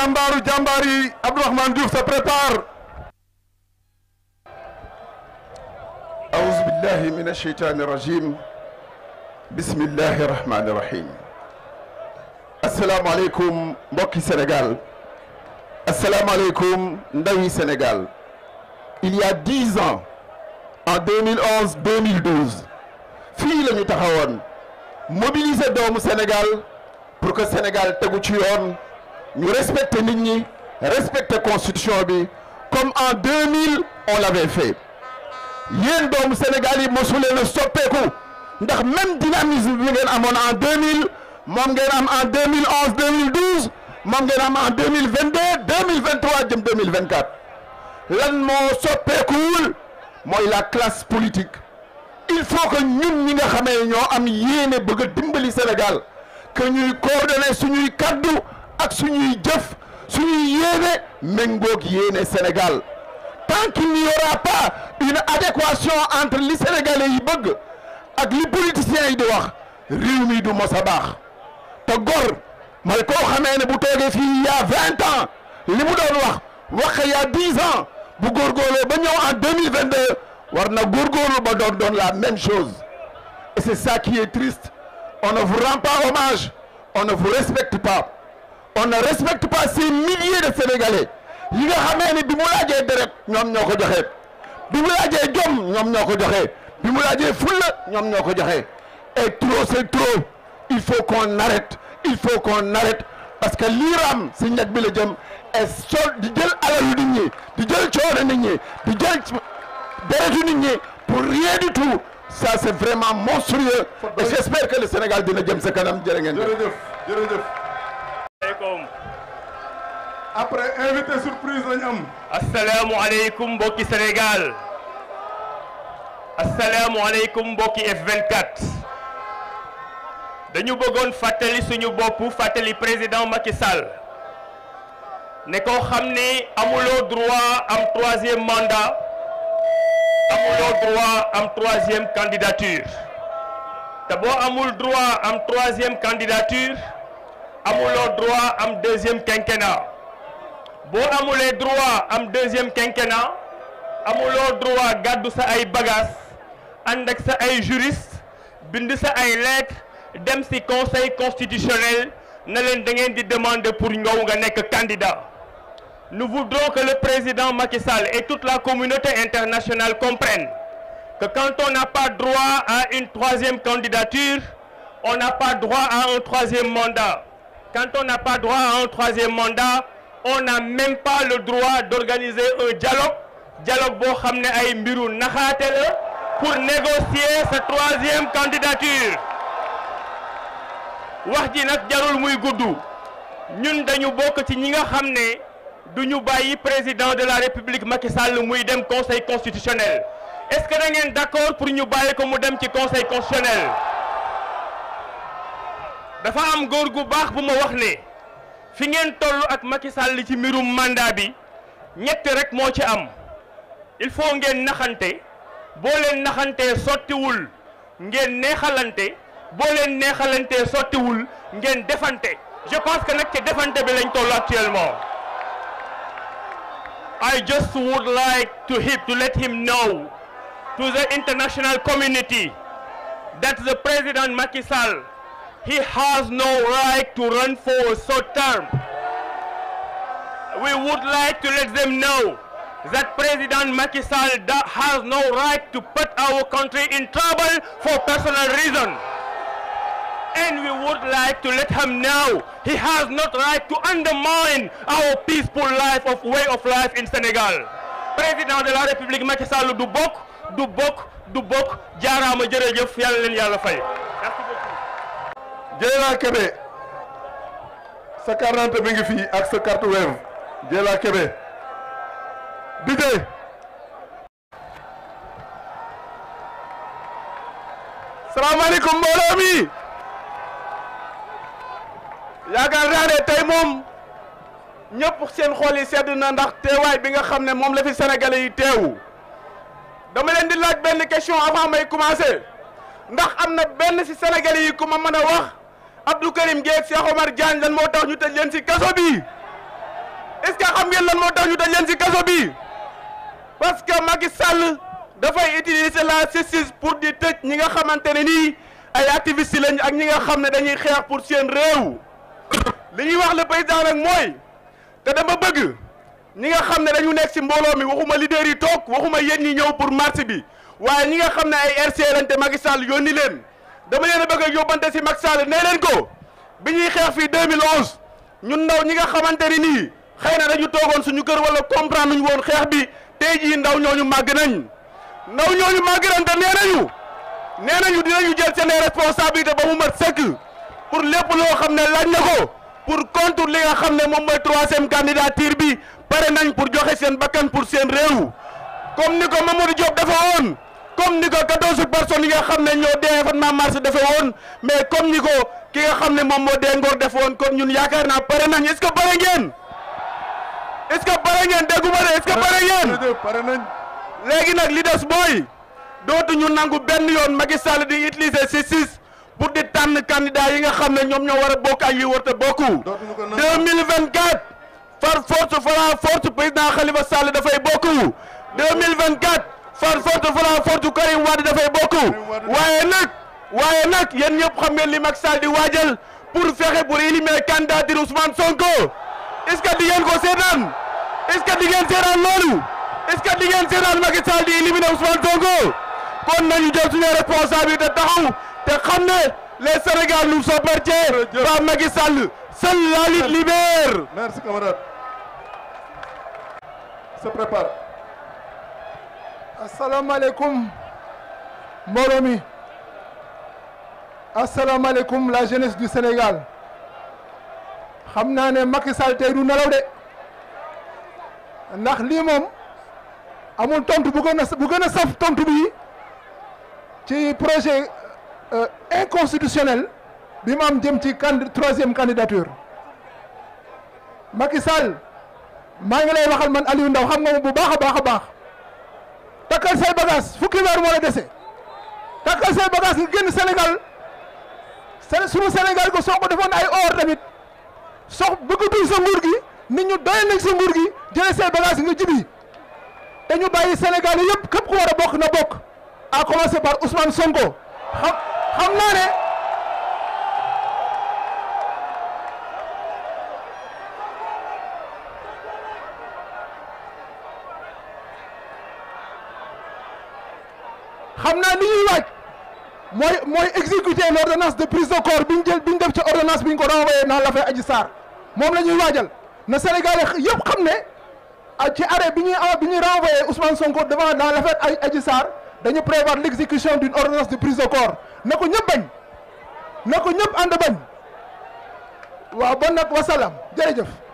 jàmbaaru jàmbaar yi Abdourahmane Diouf se prépare aouzu billahi min alsheytani irrajim bismillahi irrahmani irrahim asalaamaaleykum mbokki Sénégal asalaamaaleykum ndawi Sénégal il y a dix ans en 2011 2012 fii la ñu taxawoon mobiliser doomu Sénégal pour que Sénégal tegu ci yoon ñu respecter nit ñi respecter constitution bi comme en 2000 on l'avait fait yéen doomu Sénégal yi mosu leen a soppeeku ndax même dynamisme bi ngeen amoon en 2000 moom ngeen am en 2011 2012 moom ngeen am en 2022 2023 jëm 2024 lan moo soppeekuwul mooy la classe politique il faut que ñun ñi nga xamee ñoo am yéene bëgg dimbali Sénégal que ñuy coordonner suñuy kaddu. ak suñuy jëf suñuy yéene méngoog yéene Sénégal tant qu'il n'y aura pas une adéquation entre li sénégalais yi bëgg ak li politiciens yi di wax réew du mos baax te gor mooy koo xamee ne bu toogee fii y'a vingt ans li mu doon wax wax y'a dix ans bu góorgóorloo ba ñëw en deux mille vingt deux war na góorgóorlu ba doon doon la même chose et c'est ça qui est triste on ne vous rend pas hommage on ne vous respecte pas on ne respecte pas ces milliers de sénégalais yi nga xamee ni bi mu laajee deret ñoom ñoo ko joxe bi mu laajee jom ñoom ñoo ko joxe bi mu laajee fulla ñoom ñoo ko joxe et trop c'est trop il faut qu'on arrête il faut qu'on arrête parce que lii raam si ñett bi la jëm et di jël alalu nit ñi di jël coono nit ñi di jël deretu nit ñi pour rien tout ça c'est vraiment monstrueux et j'espère que le Sénégal dina jëm sa kanam jërë ngeen jërëjëf jërëjëf asalaamaaleykum. après invité surprise lañ am. asalaamualeykum mbokki Sénégal. asalaamualeykum mbokki f dañu bëggoon fàttali suñu bopp fàttali président Macky sal ne koo xam ni amuloo droit am troisième mandat. amuloo droit am troisième candidature. te boo amul droit am troisième candidature. amuloo droit am deuxième quinquennat boo amulee droit am deuxième quinquennat amuloo droit gàddu sa ay bagages ànd ak sa ay juris bind sa ay lettre dem si conseil constitutionnel na leen da ngeen di demander pour ñow nga nekk candidat nous voudrons que le président Macky Sall et toute la communauté internationale comprennent que quand on n'a pas droit à une troisième candidature on n'a pas droit à un troisième mandat Quand on n'a pas droit à un troisième mandat, on n'a même pas le droit d'organiser un dialogue dialogue boo xam ne ay mbiru naxaate la pour négocier sa troisième candidature wax ji nag jarul muy gudd ñun dañu bokk ci ñi nga xam ne du ñu bàyyi président de la république Macky Sall muy dem conseil constitutionnel est-ce que da ngeen d'accord pour ñu bàyyi ko mu dem ci conseil constitutionnel dafa am góor gu baax bu ma wax ne fi ngeen toll ak Macky Sall ci mbirum mandat bi ñett rek moo ci am il faut ngeen naxante boo leen naxantee sottiwul ngeen neexalante boo leen neexalantee sottiwul ngeen defante je pense que nag ci defante bi lañ toll actuellement I just would like to him to let him know to the international community that the President Macky He has no right to run for a third term. We would like to let them know that President Macky has no right to put our country in trouble for personal reasons. And we would like to let him know he has not right to undermine our peaceful life of way of life in Senegal. Président de la République Macky Sall du bokk du bokk du bokk jaaraama Dieyla Kébé sa carte bi ngi fi ak sa carte Wave Dieyla Kébé DJ salaamaaleykum mbooloo mi yaakaar naa ne tey moom ñëpp seen xool yi sedd na ndax teewaay bi nga xam ne moom la fi sénégalais yi teewu dama leen di laaj benn question avant may commencer ndax am na benn ci sénégalais yi ku ma mën a wax Abdou Karim Gueye ak Cheikh Omar Diagne lan moo tax ñu tëj leen ci kaso bi est-ce que xam ngeen lan moo tax ñu tëj leen ci kaso bi parce que Macky Sall dafay utiliser la justice pour di tëj ñi nga xamante ne nii ay activistes lañ ak ñi nga xam ne dañuy xeex pour seen réew li ñuy wax le président nag mooy te dama bëgg ñi nga xam ne dañu nekk ci mbooloo mi waxuma leader yi toog waxuma yéen ñi ñëw pour marche bi waaye ñi nga xam ne ay RC lañ te Macky Sall yónni leen. dama leen a bëgg a yóbbante si Macky Sall nee leen ko bi ñuy xeex fii 2011 ñun ndaw ñi nga xamante ni nii xëy na dañu toogoon suñu kër wala comprendre ñu woon xeex bi tey jii ndaw ñu màgg nañ ndaw ñooñu màgg nañ te nee nañu nee nañu dinañu jël seen responsabilité ba mu mat sëkk pour lépp loo xam ne laaj na ko pour contre li nga xam ne moom mooy troisième candidature bi pare nañ pour joxe seen bakkan pour seen réew comme ni ko Mamadou Diop dafa woon comme ni ko quatorze personnes yi nga xam ne ñoo dee événement defee woon mais comme ni ko ki nga xam ne moom moo dee ngor def woon kon ñun yaakaar naa pare nañ est-ce que pare ngeen est-ce pare ngeen dégguma de est-ce que pare ngeen pare léegi nag li des mooy dootu ñu nangu benn yoon Macky Sall di utiliser si siis pour di tànn candidat yi nga xam ne ñoom ñoo war a bokk ak yi war a bokk 2024 far force fara force président Khalifa Sall dafay bokk 2024 far forte fala forte Karim Wade dafay bokk waaye nag waaye nag xam ngeen li Macky Sall di waajal pour fexe pour éliminer candidature Ousmane Sonko est ce ko seetaan est ce que di ngeen seetaan loolu est di ngeen seetaan Sonko kon nañu jël suñu responsabilité taxaw te xam ne Sénégal nous appartient par Macky Sall seule la lutte asalaamaaleykum mbooloo mi asalaamaaleykum la jeunesse du Sénégal xam naa ne Macky Sall tey du nelaw de ndax lii moom amul tontu bu gën a bu gën a saf tontu bii ci projet euh, inconstitutionnel bi ma am jëm ci candi troisième candidature Macky Sall maa ngi lay waxal man Aliou ndaw xam nga bu baax a baax a baax. takkal say bagage fukki weer moo la dese takkal say bagage nga génn Sénégal suñu Sénégal ko soo ko defoon ay or tamit sox bëggatul sa nguur gi nit ñu doyal nañ sa nguur gi jëlee say bagage nga jibi te ñu bàyyi Sénégal yëpp képp ku war a bokk na bokk à commencer par Ousmane Sonko xam xam naa ne xam naa li ñuy laaj mooy mooy exécuter l' ordonnance de prise de corps bi ñu jël bi ñu def ci ordonnance bi ñu ko renvoyé dans l' affaire Adji moom la waajal na Sénégalais yëpp xam ne a ah, ci arrêt bi ñuy ah, bi ñuy renvoyé Ousmane Sonko devant dans l' affaire Adji Sarr dañu prévoir l' exécution d' une ordonnance de prise de corps na ko ñëpp bañ na ko ñëpp ànd bañ waaw bon nag wasalaam jërëjëf.